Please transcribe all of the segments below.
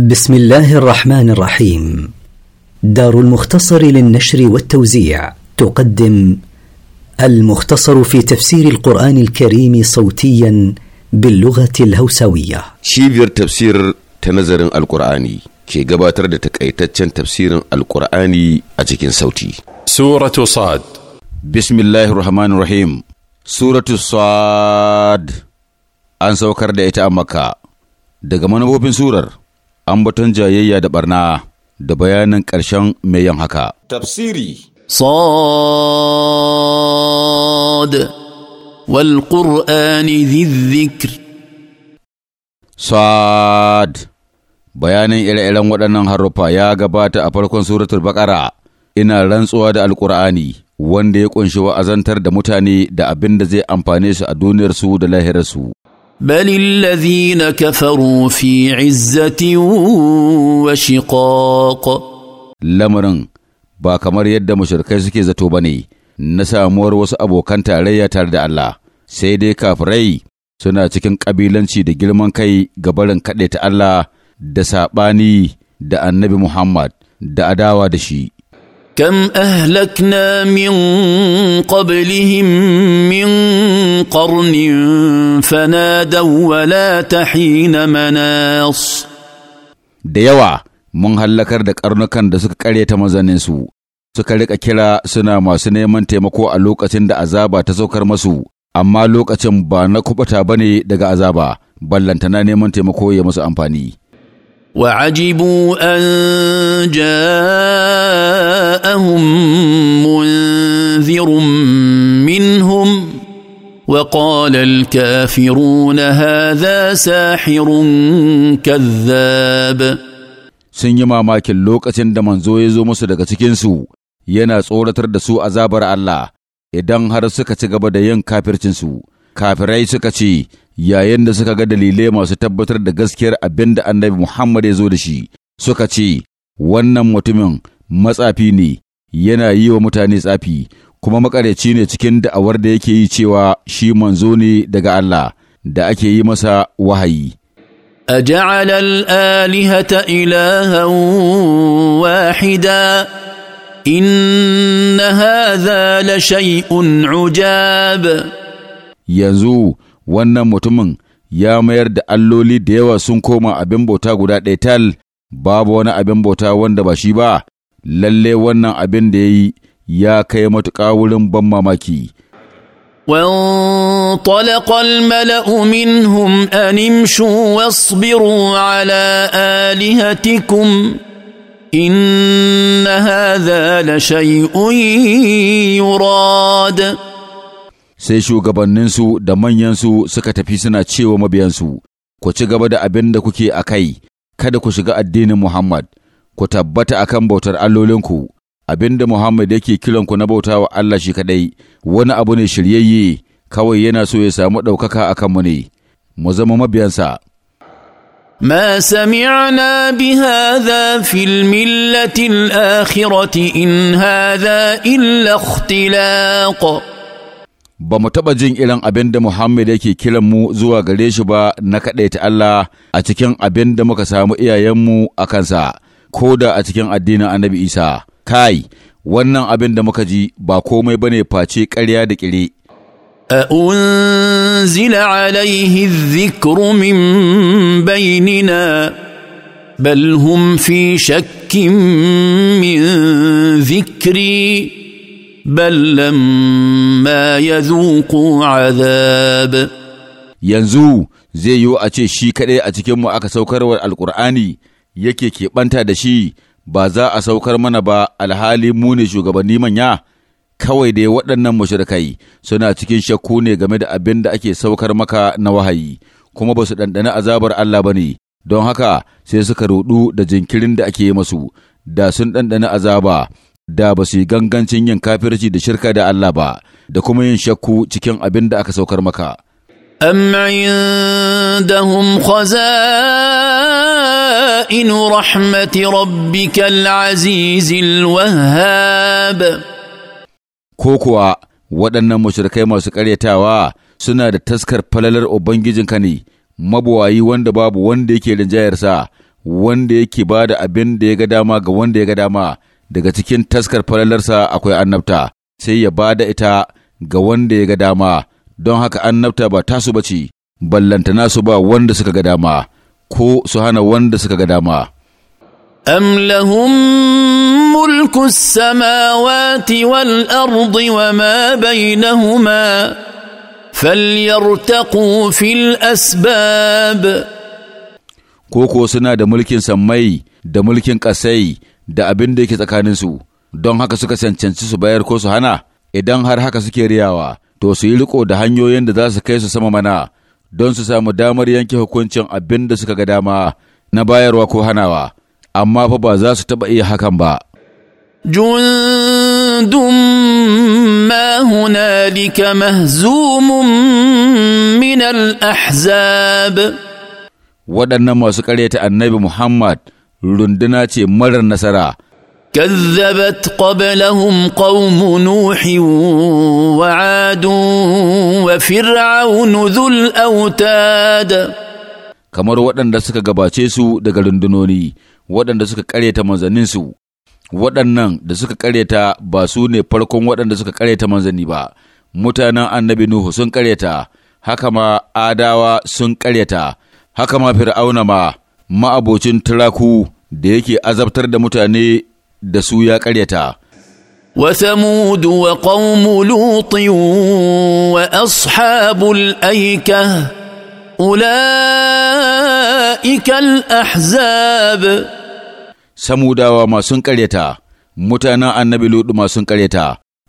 بسم الله الرحمن الرحيم دار المختصر للنشر والتوزيع تقدم المختصر في تفسير القرآن الكريم صوتيا باللغة الهوسوية شيفير تفسير تنظر القرآني كي قباتر تفسير القرآني أجيكين صوتي سورة صاد بسم الله الرحمن الرحيم سورة صاد أنسو كرد إتأمكا daga manufofin سورر ambaton jayayya da barna da bayanin ƙarshen mai yin haka. Tafsiri Sod wal Qur'ani zikr bayanin ire-iren waɗannan haruffa ya gabata a farkon suratul bakara, ina rantsuwa da alƙur'ani wanda ya ƙunshi wa'azantar da mutane da abin da zai amfane su a duniyarsu da lahirarsu. بل الذين كفروا في عزة وشقاق لمرن ba kamar yadda mushrikai suke zato ba ne na samuwar wasu abokan tarayya tare da Allah sai dai kafirai suna cikin ƙabilanci da girman kai ga barin kaɗe ta Allah da saɓani da annabi Muhammad da adawa da shi. كم اهلكنا من قبلهم من قرن فنادوا ولا تحين مناص da yawa mun hallakar da karnukan da suka ta mazaninsu suka rika kira suna masu neman taimako a lokacin da azaba ta saukar masu amma lokacin ba na ba ne daga azaba na neman taimako ya masu amfani وعجبوا ان جاءهم منذر منهم وقال الكافرون هذا ساحر كذاب sun yi mamakin lokacin da manzo ya zo musu daga cikinsu yana tsoratar da su azabar Allah idan har suka ci gaba da yin kafircinsu kafirai suka ce yayin da suka ga dalilai masu tabbatar da gaskiyar abin da annabi Muhammad ya zo da shi, suka ce, Wannan mutumin matsafi ne, yana yi wa mutane tsafi, kuma maƙaryaci ne cikin da'awar da yake yi cewa shi manzo ne daga Allah da ake yi masa wahayi. أجعل الآلهة إلها واحدا إن هذا لشيء عجاب yanzu. wannan mutumin ya mayar da alloli da yawa sun koma abin bauta guda ɗaya tal, babu wani abin bauta wanda ba shi ba, lalle wannan abin da ya yi ya kai matuƙa wurin ban mamaki. وانطلق الملا منهم ان امشوا واصبروا على الهتكم ان هذا لشيء يراد sai shugabanninsu da manyansu suka tafi suna cewa mabiyansu, ku ci gaba da abin da kuke a kai, kada ku shiga addinin Muhammad, ku tabbata akan bautar allolinku, abin da Muhammad yake kiranku na bauta wa Allah shi kaɗai, wani abu ne shiryayye, kawai yana so ya samu ɗaukaka a kanmu ne, mu zama mabiyansa. ما سمعنا بهذا في المله الاخره ان هذا الا اختلاق ba mu taɓa jin irin abin da Muhammad yake kiran mu zuwa gare shi ba na kaɗai ta Allah a cikin abin da muka samu iyayenmu a kansa, ko da a cikin addinin annabi Isa. Kai, wannan abin da muka ji ba komai ba ne face ƙarya da ƙire. أأنزل عليه الذكر من بيننا بل هم في شك بل لما يذوقوا عذاب yanzu zai yiwu a ce shi kaɗai a cikinmu aka saukarwar alkur'ani yake keɓanta da shi ba za a saukar mana ba alhali ne shugabanni manya kawai dai waɗannan mushrikai suna cikin shakku ne game da abin da ake saukar maka na wahayi kuma ba su ɗanɗani azabar Allah ba ne don haka sai suka ruɗu da jinkirin da ake masu da sun ɗanɗani azaba da ba su yi gangancin yin kafirci da shirka da Allah ba da kuma yin shakku cikin abin da aka saukar maka. أم عندهم خزائن رحمة ربك العزيز Ko kuwa, waɗannan mashirkai masu ƙaryatawa suna da taskar falalar ka ne, mabuwayi wanda babu wanda yake rinjayarsa, wanda yake ba da abin da ya ga dama ga wanda ya ga dama, daga cikin taskar falalarsa akwai annabta sai ya ba da ita ga wanda ya ga dama don haka annabta ba ta tasu ba ce na su ba wanda suka ga dama ko su hana wanda suka ga dama am mulku samawati wal wa ma bainahuma falyartaqu fil asbab ko ko suna da mulkin samai da mulkin ƙasai da abin da yake su don haka suka cancanci su bayar ko su hana, idan har haka suke riyawa, to su yi riko da hanyoyin da za su kai su sama mana, don su samu damar yanke hukuncin abin da suka ga dama na bayarwa ko hanawa, amma fa ba za su taɓa iya hakan ba. جند ما هنالك مهزوم من الأحزاب waɗannan masu ƙaryata annabi Muhammad runduna ce marar nasara. كذبت قبلهم wa نوح وعاد وفرعون ذو الأوتاد kamar waɗanda suka gabace su daga rundunoni waɗanda suka ƙaryata manzanninsu waɗannan da suka karyata ba su ne farkon waɗanda suka karyata manzanni ba mutanen annabi nuhu sun karyata haka ma adawa sun ƙaryata haka ma fir'auna ma ma'abocin turaku da yake azabtar da mutane da su ya ƙaryata. wa وقوم wa واصحاب الايكه اولئك الاحزاب سموداوا ما سن karyata, mutanen annabi ludu ma sun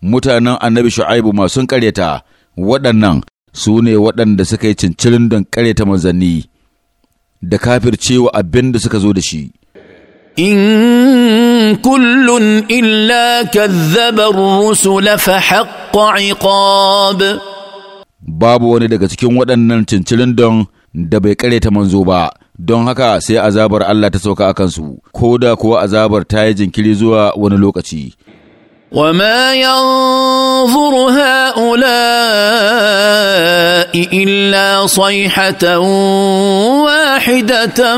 mutanen annabi shu'aibu ma sun ƙaryata waɗannan su ne waɗanda suka yi cincirin don karyata manzanni da kafircewa abin da suka zo da shi. In kullun illa kazzabar rusula fa haqqa iqab. Babu wani daga cikin waɗannan cincirin don da bai ta manzo ba, don haka sai azabar Allah ta sauka a kansu, ko da kuwa azabar ta yi jinkiri zuwa wani lokaci. وما ينظر هؤلاء الا صيحه واحده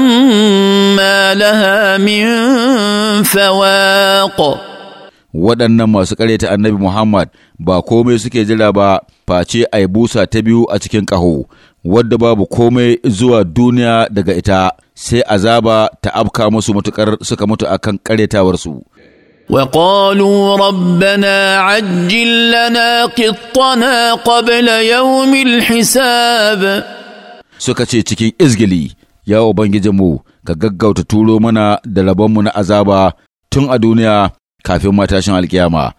ما لها من فواق waɗannan masu ƙaryata annabi Muhammad ba komai suke jira ba face ai busa ta biyu a cikin ƙaho wadda babu komai zuwa duniya daga ita sai azaba ta afka musu matuƙar suka mutu akan ƙaryatawarsu. وقالوا ربنا عجل لنا قطنا قبل يوم الحساب سكتي تكين ازغلي يا اوبنجيمو كغغاو تتولو منا دلبمو نا عذابا تون ادونيا كافين ماتاشن القيامه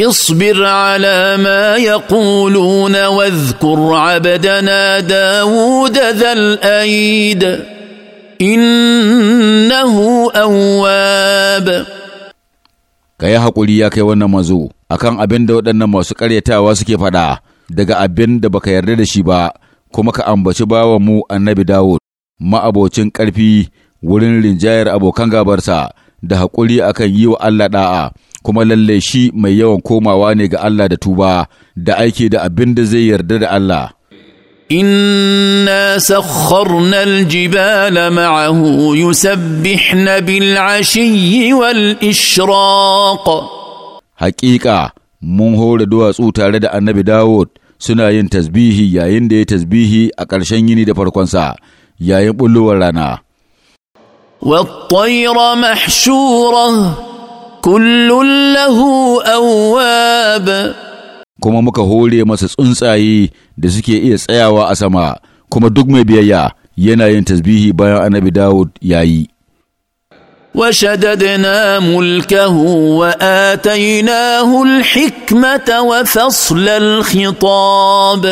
اصبر على ما يقولون واذكر عبدنا داود ذا الايد انه اواب ka yi haƙuri ya kai wannan manzo akan abin da waɗannan masu ƙaryatawa suke faɗa daga abin da baka yarda da shi ba kuma ka ambaci bawa mu annabi Dawud ma'abocin ƙarfi wurin rinjayar abokan gabarsa da haƙuri akan yi wa Allah ɗa'a kuma lallai shi mai yawan komawa ne ga Allah da tuba da aiki da abin da zai yarda da Allah. انا سخرنا الجبال معه يسبحن بالعشي والاشراق حقيقه mun hore duwatsu tare da annabi Dawud suna yin tasbihi yayin da ya tasbihi a ƙarshen yini da farkonsa yayin bullowar rana. والطير محشورة كل له awwaba. kuma muka hore masa tsuntsaye da suke iya tsayawa a sama kuma duk mai biyayya yana yin tasbihi bayan annabi Dawud yayi وشددنا ملكه واتيناه wa وفصل الخطاب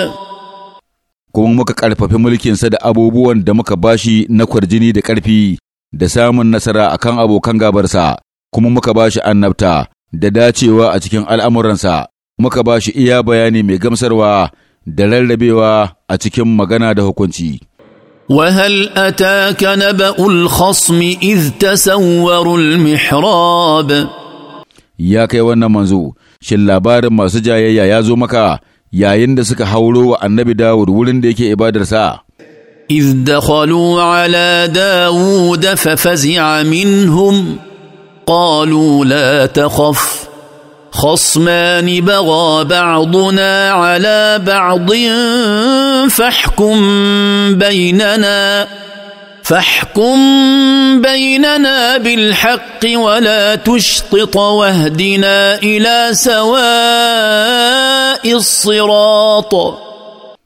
kuma muka ƙarfafi mulkinsa da abubuwan da muka bashi na kwarjini da ƙarfi da samun nasara akan abokan gabarsa kuma muka bashi annabta da dacewa a cikin al'amuransa muka ba shi iya bayani mai gamsarwa da rarrabewa a cikin magana da hukunci. وهل أتاك نبأ الخصم إذ تسوروا المحراب Ya kai wannan manzo shin labarin masu jayayya ya zo maka yayin da suka hauro wa annabi Dawud wurin da yake ibadarsa إذ دخلوا على داود ففزع منهم قالوا لا تخف خصمان بغى بعضنا على بعض فاحكم بيننا فاحكم بيننا بالحق ولا تشطط واهدنا الى سواء الصراط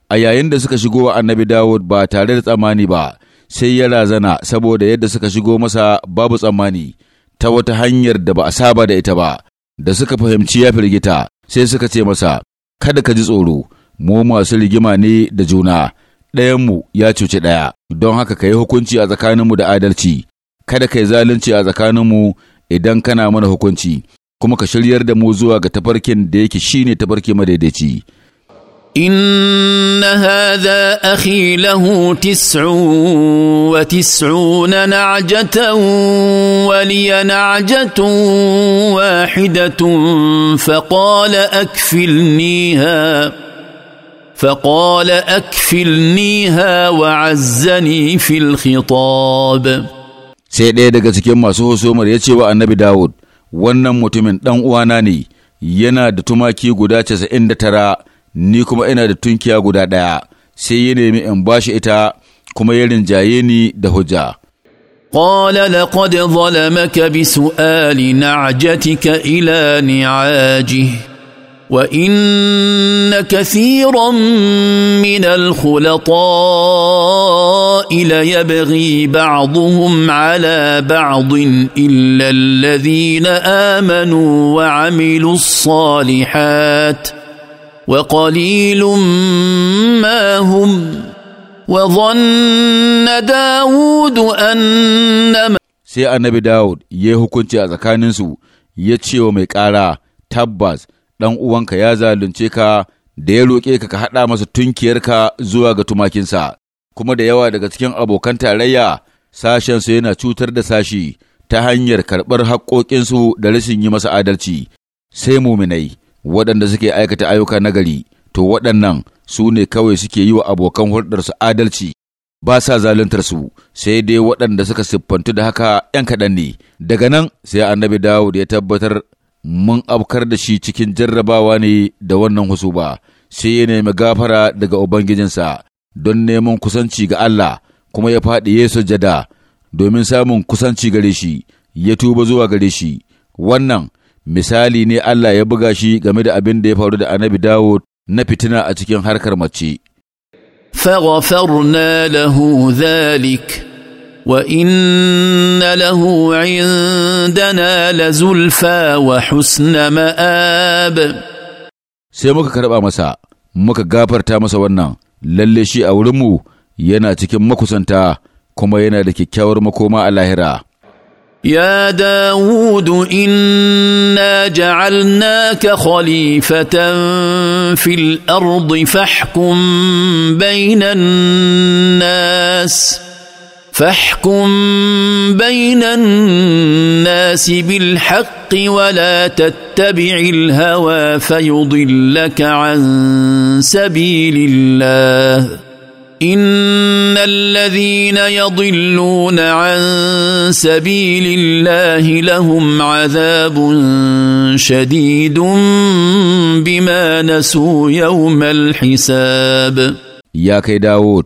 a yayin da suka shigo annabi Dawud ba tare da tsammani ba sai ya razana saboda yadda suka shigo masa babu tsammani ta wata hanyar da ba a saba da ita ba da suka fahimci ya firgita sai suka ce masa, Kada ka ji tsoro, mu masu rigima ne da juna, ɗayanmu ya cuci ɗaya, don haka ka yi hukunci a tsakaninmu da adalci, kada ka yi zalunci a tsakaninmu idan kana mana hukunci, kuma ka shiryar da mu zuwa ga tafarkin da yake shine tafarki madaidaici. إن هذا أخي له تسع وتسعون نعجة ولي نعجة واحدة فقال أكفلنيها فقال أكفلنيها وعزني في الخطاب sai ɗaya daga cikin masu husumar ya ce wa annabi Dawud, wannan mutumin ɗan uwana ne, yana da tumaki guda casa'in da tara ni kuma ina da tunkiya guda ɗaya sai ya nemi in bashi ita kuma ya rinjaye ni da hujja قال لقد ظلمك بسؤال نعجتك الى نعاجه وان كثيرا من الخلطاء ليبغي بعضهم على بعض الا الذين امنوا وعملوا الصالحات وقليل ما هم وظن داود أنما sai annabi Dawud ya yi hukunci a tsakaninsu ya ce wa mai ƙara tabbas ɗan uwanka ya zalunce ka da ya roƙe ka ka haɗa masa tunkiyarka zuwa ga tumakinsa kuma da yawa daga cikin abokan tarayya sashensu yana cutar da sashi ta hanyar karɓar haƙƙoƙinsu da rashin yi masa adalci sai muminai waɗanda suke aikata ayyuka nagari to waɗannan su ne kawai suke yi wa abokan hulɗarsu adalci ba sa zaluntar su sai dai waɗanda suka siffantu da haka ‘yan kaɗan ne daga nan sai annabi dawo da ya tabbatar mun afkar da shi cikin jarrabawa ne da wannan husuba sai ya nemi gafara daga ubangijinsa don neman kusanci ga Allah kuma ya faɗi ya sujada domin samun kusanci gare shi ya tuba zuwa gare shi wannan misali ne Allah ya buga shi game da abin da ya faru da annabi Dawud na fitina a cikin harkar mace. wa inna lahu indana la zulfa wa husna ma'ab. sai muka karɓa masa muka gafarta masa wannan lalle shi a wurinmu yana cikin makusanta kuma yana da kyakkyawar makoma a lahira يا داود انا جعلناك خليفه في الارض فاحكم بين الناس فاحكم بين الناس بالحق ولا تتبع الهوى فيضلك عن سبيل الله ان الذين يضلون عن سبيل الله لهم عذاب شديد بما نسوا يوم الحساب يا كي داود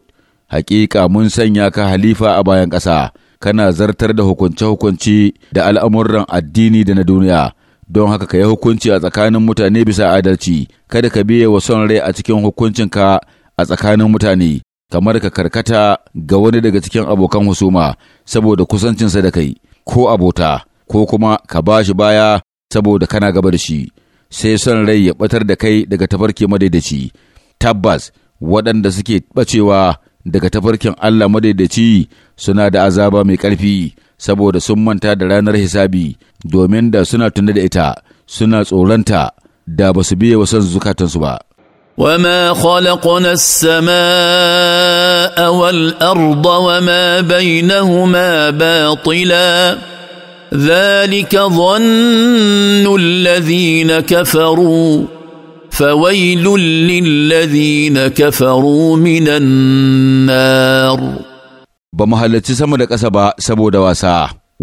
sanya من سنيا a bayan ƙasa. kana zartar da hukunce hukunce da al'amuran addini da na duniya, don haka ka yi hukunci a tsakanin mutane bisa adalci, kada ka biye wa son rai a cikin hukuncinka a tsakanin mutane. kamar ka karkata ga wani daga cikin abokan husuma saboda kusancinsa da kai ko abota ko kuma ka ba shi baya saboda kana gaba da shi sai son rai ya batar da kai daga tafarki madaidaci tabbas waɗanda suke bacewa daga tafarkin Allah madaidaci suna da azaba mai ƙarfi saboda sun manta da ranar hisabi domin da suna tunda da ita suna tsoronta da ba su biye wa son zukatansu ba وما خلقنا السماء والارض وما بينهما باطلا ذلك ظن الذين كفروا فويل للذين كفروا من النار ba mu halarci sama da ƙasa ba saboda wasa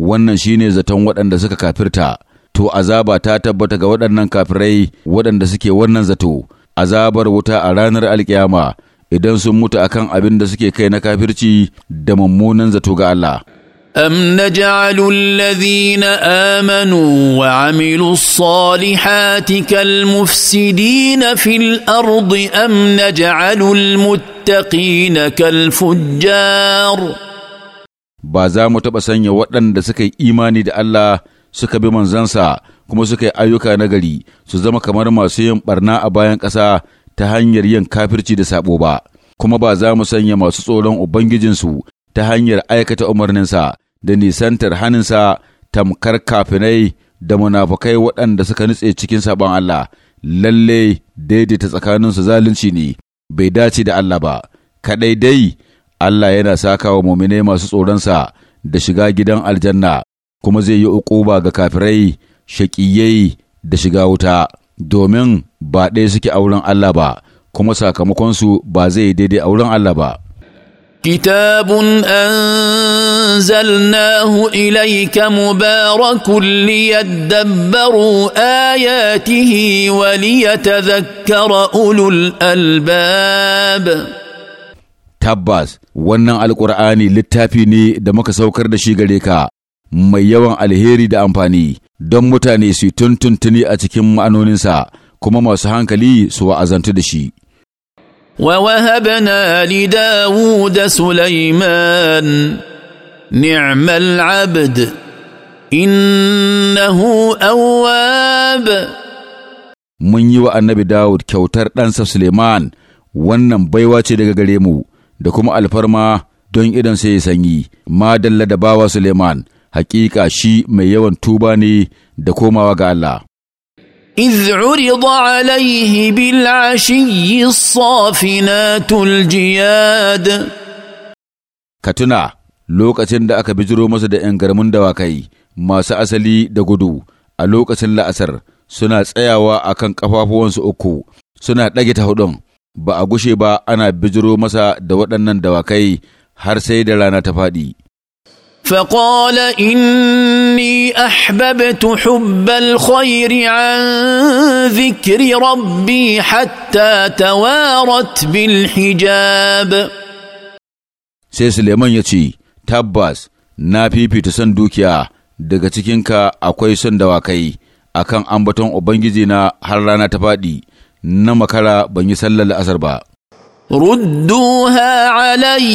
wannan shine zaton waɗanda suka kafirta to azaba ta tabbatar ga waɗannan kafirai waɗanda suke wannan zato azabar wuta a ranar alkiyama idan sun mutu a kan abin da suke kai na kafirci da mummunan zato ga Allah. أم نجعل الذين آمنوا وعملوا الصالحات كالمفسدين في الأرض أم نجعل المتقين كالفجار ba za mu taɓa sanya waɗanda suka yi imani da Allah suka bi manzansa kuma suka yi ayyuka nagari su zama kamar masu yin barna a bayan ƙasa ta hanyar yin kafirci da sabo ba, kuma ba za mu sanya masu tsoron Ubangijinsu ta hanyar aikata umarninsa da nisantar haninsa tamkar kafinai da munafukai waɗanda suka nutse cikin sabon Allah, lalle daidaita tsakaninsu zalunci ne, bai dace da Allah ba, kaɗai dai Allah yana saka wa muminai masu tsoronsa da shiga gidan aljanna, kuma zai yi uquba ga kafirai shaƙiyai da shiga wuta domin ba ɗaya suke a wurin Allah ba kuma sakamakonsu ba zai daidai a wurin Allah ba. كتاب انزلناه اليك مبارك ليدبروا اياته وليتذكر ulul الالباب tabbas wannan alkur'ani littafi ne da muka saukar da shi gare ka mai yawan alheri da amfani don mutane su tuntuntuni a cikin ma'anoninsa kuma masu hankali su wa'azantu da shi. ووهبنا لداود سليمان نعم العبد إنه أواب mun yi wa annabi Dawud kyautar ɗansa Suleiman wannan baiwa ce daga gare mu da kuma alfarma don idan sai ya sanyi ma dalla da bawa Suleiman hakika shi mai yawan tuba ne da komawa ga Allah. إذ عرض عليه بالعشي الصافنات الجياد كتنا lokacin da aka bijiro masa da ‘yan garmun dawakai masu asali da gudu a lokacin la'asar suna tsayawa a kan ƙafafuwansu uku suna ɗage ta hudun ba a gushe ba ana bijiro masa da waɗannan dawakai har sai da rana ta faɗi. فقال اني احببت حب الخير عن ذكر ربي حتى توارت بالحجاب sai Suleiman ya ce, Tabbas, na fifita son dukiya daga cikinka akwai son dawakai Akan kan ambaton Ubangiji na har rana ta faɗi, na makara ban yi sallar la'asar ba. Rudduha alai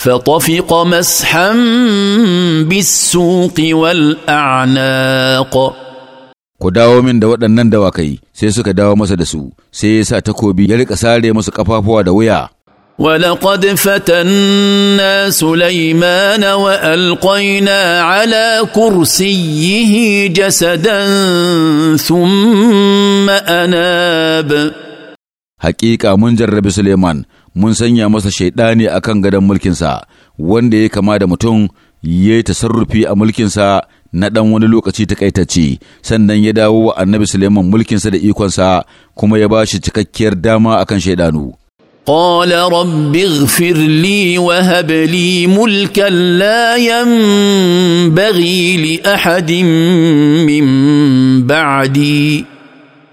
فطفق مسحا بالسوق والأعناق ku dawo min da waɗannan dawakai sai suka dawo masa da su sai ya sa takobi ya rika sare musu kafafuwa da wuya ولقد فتنا سليمان والقينا على كرسيه جسدا ثم اناب حقيقه من جرب سليمان mun sanya masa ne a kan gadon mulkinsa wanda ya kama da mutum ya yi tasarrufi a mulkinsa na ɗan wani lokaci takaitacce sannan ya dawo wa annabi Suleiman mulkinsa da ikonsa kuma ya ba shi cikakkiyar dama a kan shaidanu. قال رب اغفر لي وهب لي ملكا لا ينبغي لأحد من بعدي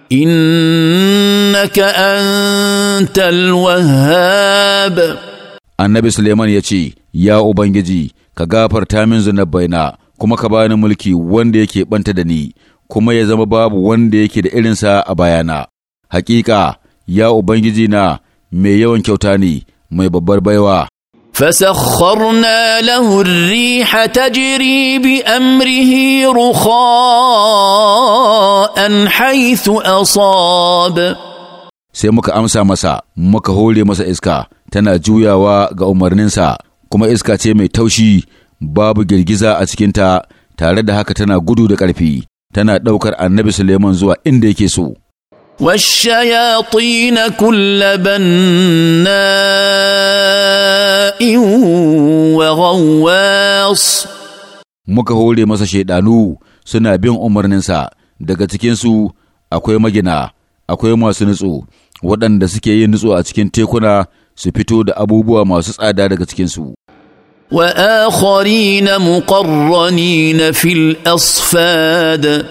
In إنك أنت الوهاب annabi Suleiman ya ce, Ya Ubangiji, ka gafarta min zunubaina, kuma ka bani mulki wanda yake ɓanta da ni, kuma ya zama babu wanda yake da irinsa a bayana. Haƙiƙa, ya Ubangiji na mai yawan kyauta ne, mai babbar baiwa. فسخرنا له الريح تجري بامره رخاء حيث اصاب sai muka amsa masa muka hore masa iska tana juyawa ga umarninsa kuma iska ce mai taushi babu girgiza a cikinta tare da haka tana gudu da ƙarfi tana ɗaukar annabi Suleiman zuwa inda yake so والشياطين كل بناء وغواص muka hore masa shaidanu suna bin umarninsa daga cikinsu akwai magina akwai masu nutso waɗanda suke yin nutso a cikin tekuna su fito da abubuwa masu tsada daga cikinsu وآخرين مقرنين في الأصفاد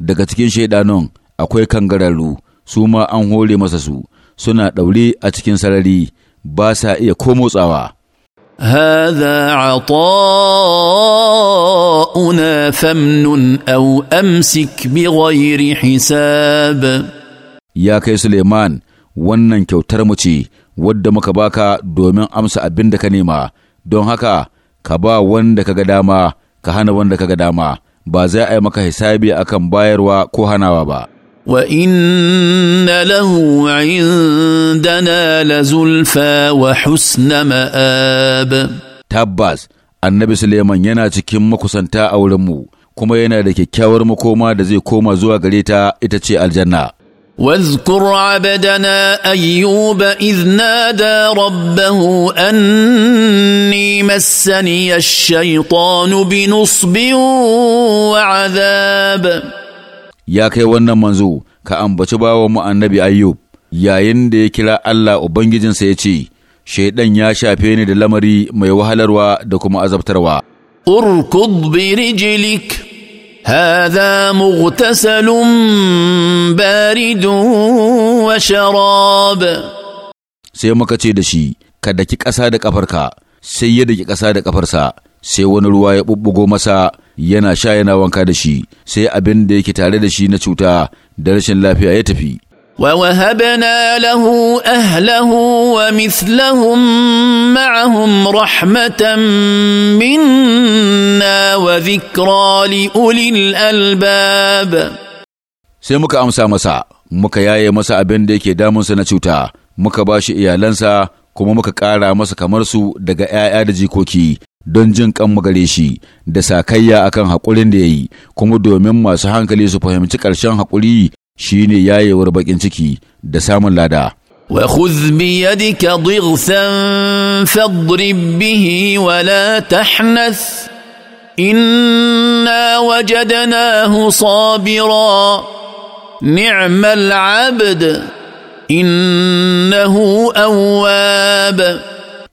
daga cikin shaidanun akwai kangararru su ma an hore masa su suna ɗaure a cikin sarari ba sa iya ko motsawa. هذا عطاؤنا فمن أو أمسك بغير hisab. Ya kai Suleiman wannan kyautar mu ce wadda muka baka domin amsa abin da ka nema don haka ka ba wanda ka ga dama ka hana wanda ka ga dama ba za a yi maka hisabi akan bayarwa ko hanawa ba وان له عندنا لزلفى وحسن ماب تاباز النبي سليمان ينا cikin makusanta a wurin mu kuma yana da kyakkyawar makoma da zai koma الجنة واذكر عبدنا أيوب إذ نادى ربه أني مسني الشيطان بنصب وعذاب ya kai wannan manzo ka ambaci bawan mu annabi ayyub yayin da ya kira Allah ubangijinsa ya ce shaidan ya shafe ni da lamari mai wahalarwa da kuma azabtarwa urkud bi rijlik hadha mughtasalun baridun wa sharab sai muka ce da shi ka daki ƙasa da ƙafarka sai ya daki ƙasa da ƙafarsa sai wani ruwa ya ɓuɓɓugo masa yana sha yana wanka da shi sai abin da yake tare da shi na cuta da rashin lafiya ya tafi. ووهبنا له اهله ومثلهم معهم رحمه منا وذكرى لاولي albab. sai muka amsa masa muka yaye masa abin da yake damunsa na cuta muka bashi iyalansa kuma muka ƙara masa kamar su daga ‘ya'ya da jikoki don jin kan magare shi da sakayya akan haƙurin da ya yi kuma domin masu hankali su fahimci ƙarshen haƙuri shine yayewar baƙin ciki da samun lada. وخذ بيدك ضغثا فاضرب به ولا تحنث انا وجدناه صابرا نعم العبد انه اواب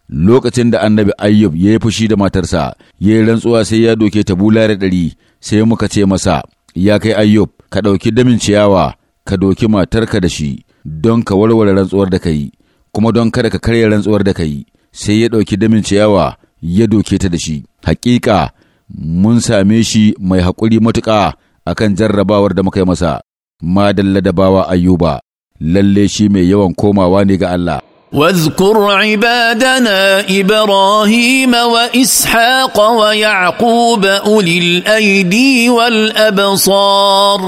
lokacin da annabi ayyub ya yi fushi da matarsa ya yi rantsuwa sai ya doke ta bulare ɗari sai muka ce masa ya kai ayyub ka ɗauki damin ciyawa ka doki matarka da shi don ka warware rantsuwar da ka yi kuma don kada ka karya rantsuwar da ka yi sai ya ɗauki damin ciyawa ya doke ta da shi hakika mun same shi mai haƙuri matuƙa kan jarrabawar da muka yi masa madalla da bawa ayyuba lalle shi mai yawan komawa ne ga Allah واذكر عبادنا ابراهيم واسحاق ويعقوب اولي الايدي والابصار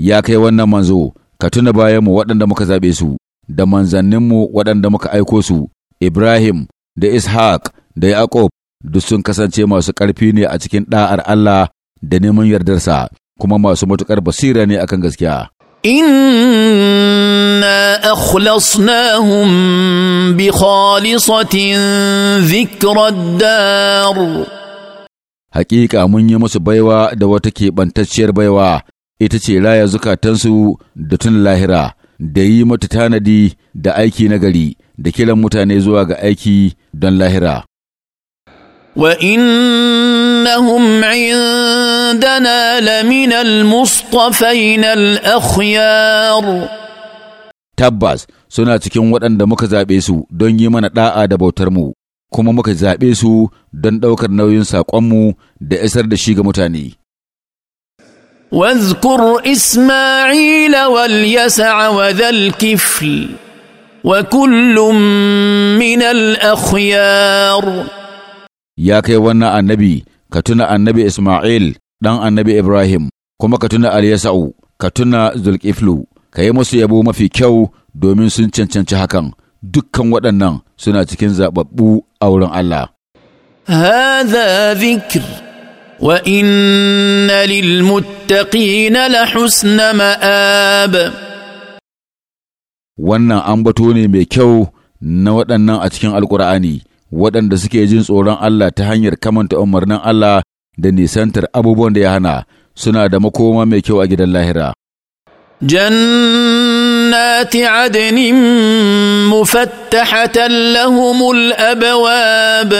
يا كي wannan manzo ka tuna bayan mu waɗanda muka zaɓe su da mu waɗanda muka aiko su Ibrahim da Ishaq da Yaqub duk sun kasance masu ƙarfi ne a cikin ɗa'ar Allah da neman yardarsa kuma masu matuƙar basira ne akan gaskiya انا اخلصناهم بخالصه ذكر الدار Haƙiƙa mun yi musu baiwa da wata keɓantacciyar baiwa ita ce raya zukatansu da tun lahira da yi mata tanadi da aiki nagari da kiran mutane zuwa ga aiki don lahira وانهم عندنا لمن المصطفين الاخيار tabbas suna cikin waɗanda muka zaɓe su don yi mana ɗa'a da bautar mu kuma muka zaɓe su don ɗaukar nauyin saƙonmu da isar da shi ga mutane واذكر إسماعيل واليسع وذا الكفل وكل من الأخيار ya kai wannan annabi ka tuna annabi Ismail ɗan annabi Ibrahim kuma ka tuna Aliyasa'u ka tuna Zulkiflu ka yi musu yabo mafi kyau domin sun cancanci hakan dukkan waɗannan suna cikin zaɓaɓɓu a wurin Allah. wa ذكر وإن la husna ma'ab. wannan ambato ne mai kyau na waɗannan a cikin alƙur'ani waɗanda suke jin tsoron Allah ta hanyar kamanta umarnin Allah da nisantar abubuwan da ya hana suna da makoma mai kyau a gidan lahira. جنات عدن مفتحة لهم الأبواب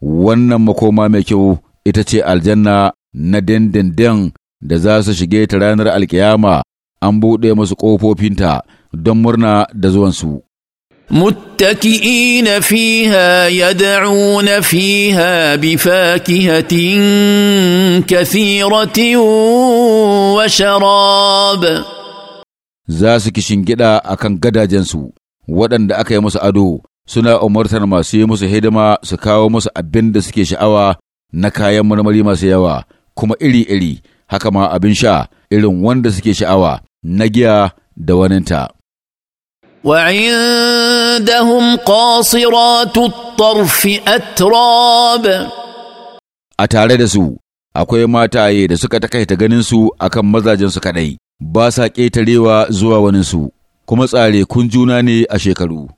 wannan makoma mai kyau ita ce aljanna na dindindin da za su shige ta ranar alkiyama an buɗe masu ƙofofinta don murna da zuwansu. متكئين فيها يدعون فيها بفاكهه كثيره وشراب za su gida a kan gadajensu waɗanda aka yi musu ado suna umartar masu yi musu hidima su kawo musu abin da suke sha'awa na kayan marmari masu yawa kuma iri-iri haka ma abin sha irin wanda suke sha'awa na giya da waninta. وعندهم قاصرات الطرف da su, akwai mataye da suka takaita ganinsu a kan mazajensu kaɗai, ba sa ƙetarewa zuwa waninsu, kuma tsare kun juna ne a shekaru.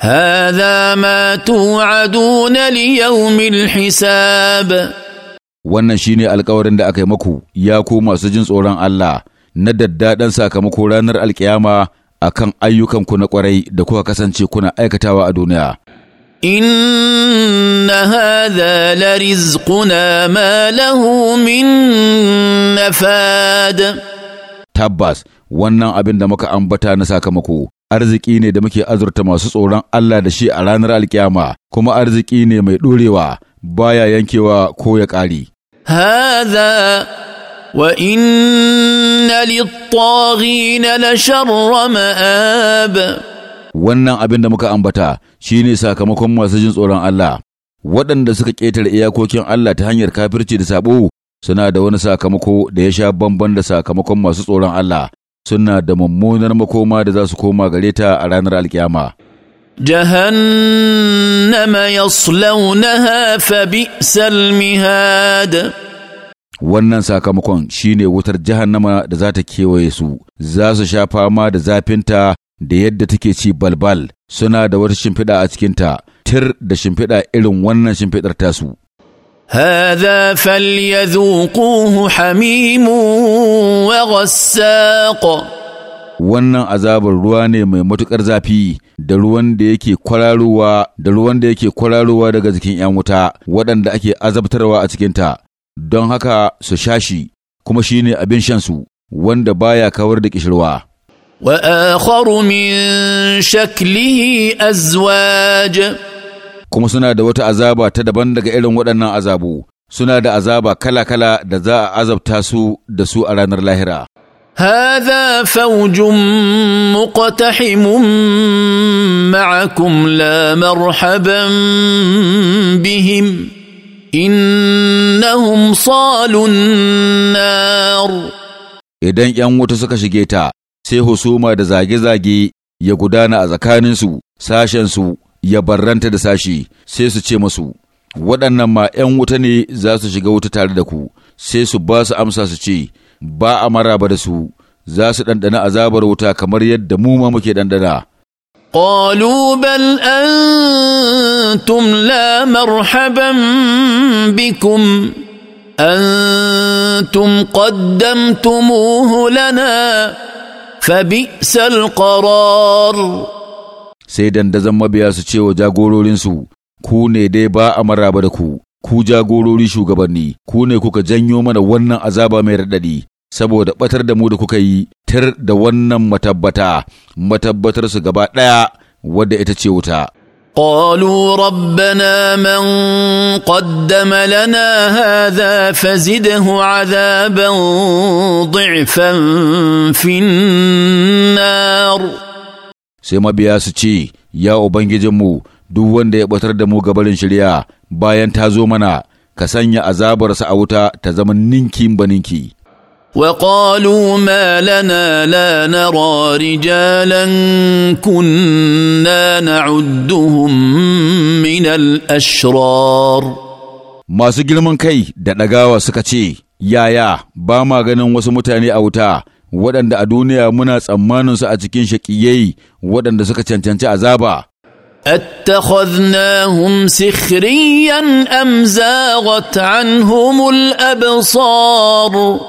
هذا ما توعدون ليوم الحساب wannan shine alkawarin da aka yi maku ya ku masu jin tsoron Allah na daddaɗan sakamako ranar alkiyama akan ayyukanku na kwarai da kuka kasance kuna aikatawa a duniya. إن la لرزقنا ma lahu min nafad. Tabbas, wannan abin da muka ambata na sakamako arziki ne da muke azurta masu tsoron Allah da shi a ranar alkiyama kuma arziki ne mai ɗorewa baya yankewa ko ya ƙari. Haza وإن للطاغين لشر مآب wannan abin da muka ambata shi ne sakamakon masu jin tsoron Allah waɗanda suka ƙetare iyakokin Allah ta hanyar kafirci da sabo suna da wani sakamako da ya sha bamban da sakamakon masu tsoron Allah suna da mummunar makoma da za su koma gare ta a ranar alkiyama jahannama yaslaunaha fa bi'sal wannan sakamakon shine wutar jahannama da za ta kewaye su za su sha fama da zafinta da yadda take ci balbal suna da wata shimfiɗa a cikinta tir da shimfiɗa irin wannan shimfiɗar tasu هذا فليذوقوه حميم وغساق wannan azabar ruwa ne mai matuƙar zafi da ruwan da yake kwararowa da ruwan da yake kwararowa daga jikin 'yan wuta waɗanda ake azabtarwa a cikinta don haka su sha shi kuma shi ne abin su, wanda baya kawar da ƙishirwa. وآخر من شكله أزواج kuma suna da wata azaba ta daban daga irin waɗannan azabu suna da azaba kala-kala da za a azabta su da su a ranar lahira. هذا فوج مقتحم معكم لا مرحبا بهم innahum salun nar idan ‘yan wuta suka shige ta, sai husuma da zage-zage ya gudana a tsakaninsu, sashensu ya barranta da sashi, sai su ce masu, waɗannan ma ‘yan wuta ne za su shiga wuta tare da ku, sai su ba su amsa su ce, ba a maraba da su, za su ɗanɗana azabar wuta kamar yadda mu ma muke ɗanɗana. قالوا بل انتم لا مرحبا بكم انتم قدمتموه لنا فبئس القرار sai dandazon mabiya su ce wa jagororinsu ku ne dai ba a maraba da ku ku jagorori shugabanni ku ne kuka janyo mana wannan azaba mai raɗaɗi saboda batar da mu da kuka yi tar da wannan matabbata matabbatar su gaba ɗaya wadda ita ce wuta قالوا ربنا من قدم لنا هذا فزده عذابا ضعفا في النار sai mabiya su ce ya ubangijinmu duk wanda ya batar da mu gabarin shirya bayan ta zo mana ka sanya azabarsa a wuta ta zama ninkin baninki وقالوا ما لنا لا نرى رجالا كنا نعدهم من الاشرار masu girman kai da ɗagawa suka ce yaya ba ma ganin wasu mutane a wuta waɗanda a duniya muna tsammaninsu a cikin shaƙiyai waɗanda suka cancanci azaba اتخذناهم سخريا ام زاغت عنهم الابصار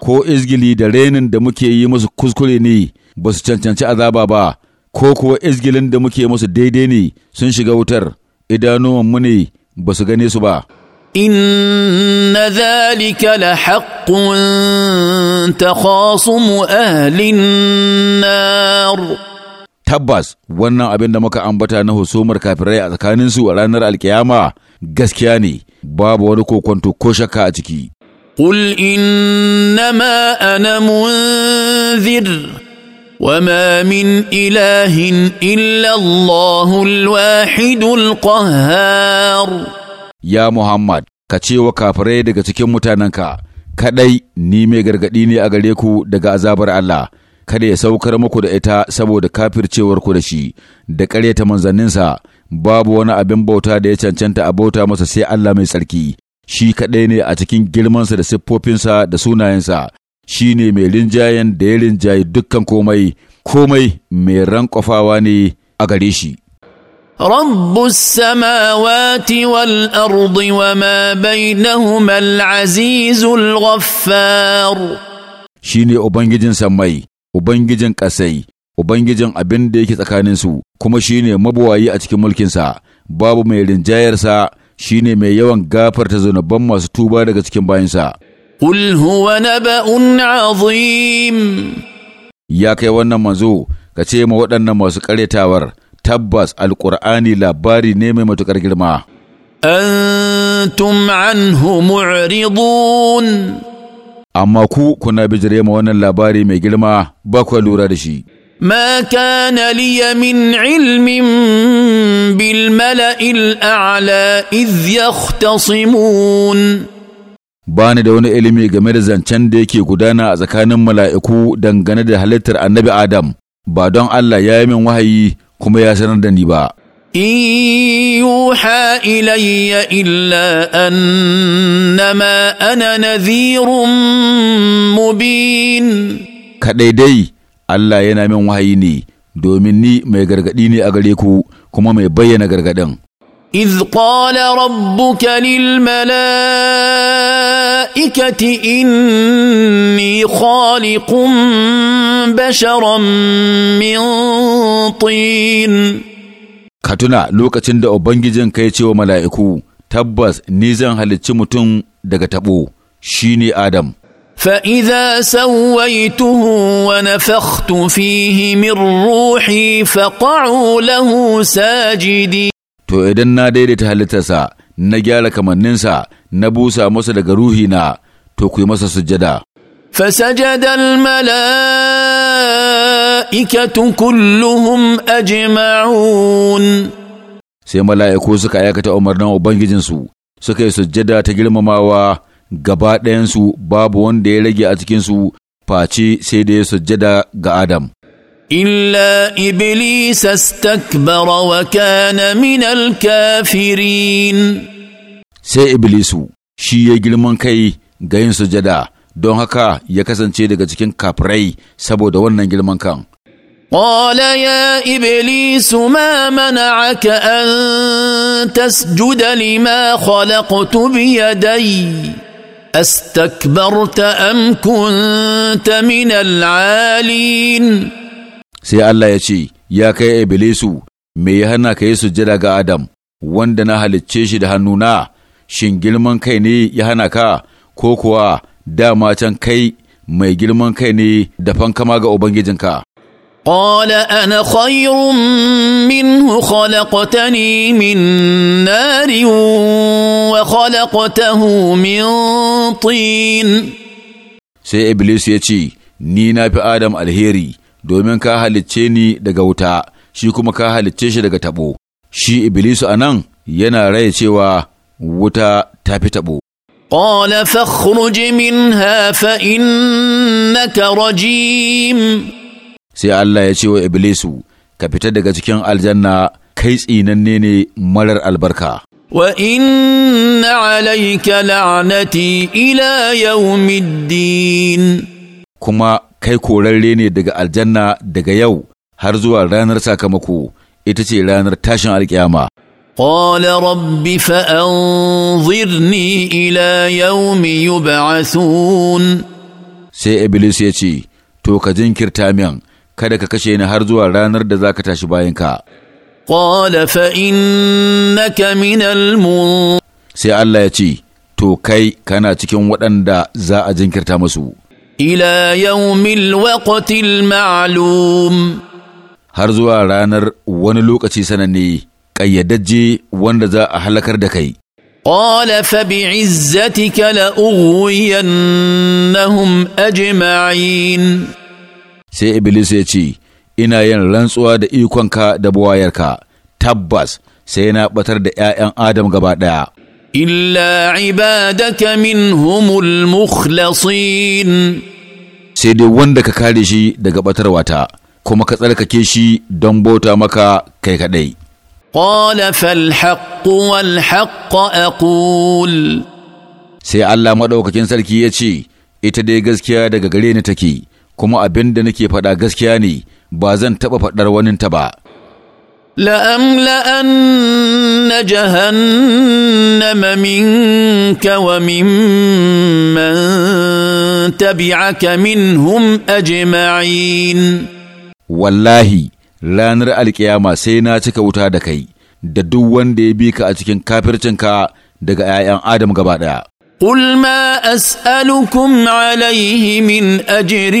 ko izgili da renin da muke yi musu kuskure ne ba su cancanci azaba ba, ko kuwa izgilin da muke musu daidai ne sun shiga wutar, idanuwanmu ne ba su gane su ba. إن ذلك لحق تخاصم أهل النار tabbas wannan abin da muka ambata na husumar kafirai a tsakaninsu a ranar alkiyama gaskiya ne babu wani kokwanto ko shakka a ciki قل انما انا منذر وما من اله الا الله الواحد القهار يا محمد كتشيو كافري daga cikin mutanenka kadai ni mai gargadi ne a gare ku daga azabar Allah kada ya saukar muku da ita saboda kafircewar ku da shi da ƙaryata manzanninsa babu wani abin bauta da ya cancanta a bauta masa sai Allah mai tsarki shi kaɗai ne a cikin girmansa da siffofinsa da sunayensa, shi ne mai rinjayen da ya rinjaye dukkan komai, komai mai rankwafawa ne a gare shi. رب السماوات والارض وما بينهما العزيز Shi shine ubangijin sammai ubangijin ƙasai ubangijin abin da yake tsakaninsu kuma shine mabuwayi a cikin mulkinsa babu mai rinjayarsa shine mai yawan gafarta zunuban masu tuba daga cikin bayansa. Kul huwa naba'un azim. Ya kai wannan manzo, ka ce ma waɗannan masu ƙaretawar, tabbas alƙur'ani labari ne mai matuƙar girma. Antum anhu mu'ridun. Amma ku kuna bijire ma wannan labari mai girma ba ku lura da shi. ما كان لي من علم بالملا الاعلى اذ يختصمون bani da wani ilimi game da zancen da yake gudana a tsakanin mala'iku dangane da halittar annabi adam ba don allah ya yi min wahayi kuma ya sanar da ni ba in yuha ilayya illa annama ana nadhirun mubin kaɗai dai Allah yana min wahayi ne domin ni mai gargaɗi ne a gare ku kuma mai bayyana gargaɗin. Rabbu Kalil Malaikati inni إني خالق بشرا من Ka tuna lokacin da Ubangijin ka ya ce wa mala'iku, tabbas ni zan halicci mutum daga taɓo, shi ne Adam. فاذا سويته ونفخت فيه من روحي فقعوا له ساجدين to idan na daidaita halittarsa na gyara kamanninsa na busa masa daga ruhina to ku yi masa sujjada فسجد الملائكة كلهم أجمعون sai mala'iku suka aikata umarnin Ubangijinsu suka yi sujjada ta girmamawa gaba ɗayansu babu wanda ya rage a cikinsu face sai da ya sujjada ga Adam. Iblis إبليس wa kana min kafirin sai Iblisu shi ya girman kai ga yin sujada don haka ya kasance daga cikin kafirai saboda wannan girman kan. قال يا إبليس ما منعك أن تسجد لما خلقت بيدي استكبرت أم كنت من العالين sai Allah ya ce, Ya kai Iblisu, me ya hana ka yi sujjada ga Adam, wanda na halicce shi da hannuna, shin girman kai ne ya hana ka, ko kuwa da can kai mai girman kai ne da fankama ga Ubangijinka. قال انا خير منه خلقتني من نار وخلقته من طين sai iblis ya ce ni na fi adam alheri domin ka halicce ni daga wuta shi kuma ka halicce shi daga tabo shi iblisu anan yana raya cewa wuta ta fi tabo قال فاخرج منها فانك رجيم sai Allah ya ce wa Iblisu, ka fita daga cikin aljanna kai tsinanne ne marar albarka. Wa inna alaika la'anati ila yawmiddin. Kuma kai korarre ne daga aljanna daga yau har zuwa ranar sakamako ita ce ranar tashin alkiyama. قال رب فأنظرني ila يوم يبعثون sai Iblis ya ce, To ka jinkirta min kada ka kashe ni har zuwa ranar da za ka tashi bayanka. Ƙwala fa'innaka minal mun. Sai Allah ya ce, To kai kana cikin waɗanda za a jinkirta masu. Ila yaumil waqtil ma'lum. Har zuwa ranar wani lokaci sananne, ƙayyadajje wanda za a halakar da kai. قال فبعزتك لأغوينهم ajima'in sai Iblis ya ce, Ina yin rantsuwa da ikonka da buwayarka, tabbas sai na batar da ‘ya'yan Adam gaba ɗaya. Illa ibadaka humul mukhlasin sai dai wanda ka kare shi daga batarwata kuma ka tsarkake shi don bauta maka kai kaɗai. قال فالحق a ƙul. sai Allah maɗaukakin sarki ya ce, Ita dai gaskiya daga gare ni take, kuma abin da nake faɗa gaskiya ne ba zan taɓa faɗar waninta ba. La’amla’an na jahannama min kawa min man tabi’aka min ajima’in. Wallahi, ranar alkiyama sai na cika wuta da kai, da duk wanda ya bi ka a cikin kafircinka daga ‘ya’yan Adam gaba ɗaya. قل ما اسالكم عليه من اجر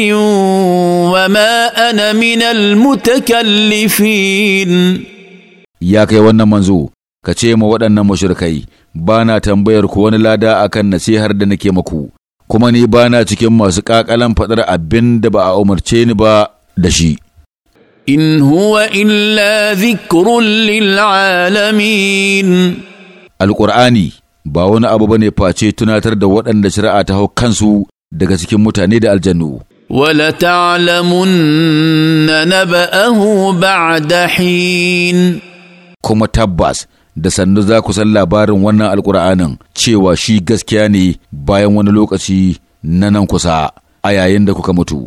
وما انا من المتكلفين ya kai wannan manzo ka ce ma waɗannan mashirkai ba na tambayar ku wani lada akan nasihar da nake maku kuma ni ba na cikin masu ƙaƙalan faɗar abinda ba a umarce ni ba da shi in huwa illa zikrun lil alamin alƙur'ani ba wani abu ba bane face tunatar da waɗanda shari'a ta hau kansu daga cikin mutane da aljannu ولتعلمن نبأه بعد حين kuma tabbas da sannu za ku san labarin wannan alkur'anin cewa shi gaskiya ne bayan wani lokaci na nan kusa a yayin da kuka mutu